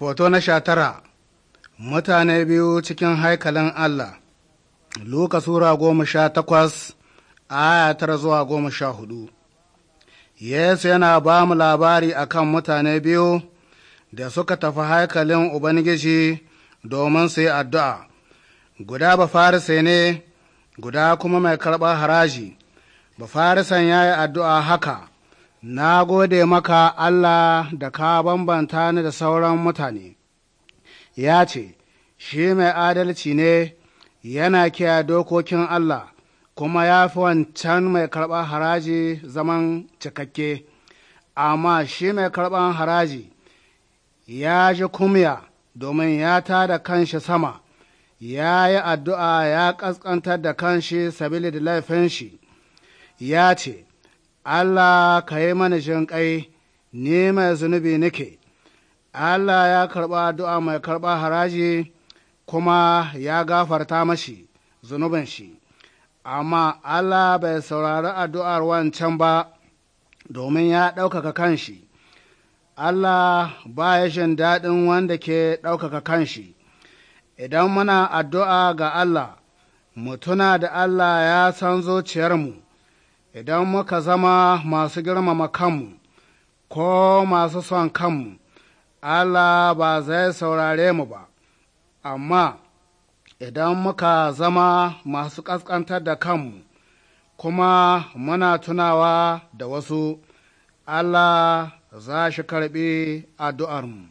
Hoto na sha tara Mutane biyu cikin haikalin Allah Luka Sura goma sha takwas aya tara zuwa goma sha hudu Yesu yana ba mu labari a kan mutane biyu da suka tafi haikalin Ubangiji domin su yi addu'a, guda bafarise ne, guda kuma mai karɓar haraji, bafarisan ya yi addu'a haka, na gode maka Allah da ka bambanta ni da sauran mutane, ya ce, Shi mai adalci ne yana kiyaye dokokin Allah, kuma ya fi wancan mai karɓar haraji zaman cikakke, amma shi mai karɓar haraji ya ji kumya domin ya tada kanshi sama, ya yi addu'a ya ƙasƙantar da kanshi sabili da laifin shi, ya ce, Allah ka yi mana jinƙai, ni mai zunubi nake, Allah ya karɓa addu'a mai karɓa haraji kuma ya gafarta mashi zunubin shi, amma Allah bai saurari addu'ar wancan ba domin ya ɗaukaka kanshi. Allah ba ya jin daɗin wanda ke ɗaukaka kanshi, idan muna addu'a ga Allah, mutuna da Allah ya san zuciyarmu. idan muka zama masu girmama kanmu ko masu son kanmu, Allah ba zai saurare mu ba, amma idan muka zama masu ƙasƙantar da kanmu, kuma muna tunawa da wasu, Allah za shi karɓi addu'armu.